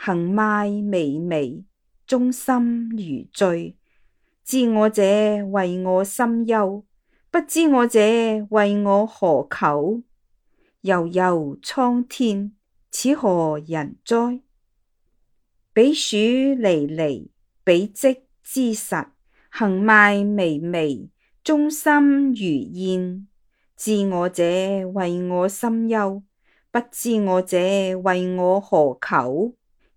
行邁靡靡，中心如醉。知我者，謂我心憂；不知我者，謂我何求？悠悠蒼天，此何人哉？彼黍離離，彼稷之實。行邁靡靡，中心如噎。知我者，謂我心憂；不知我者，謂我何求？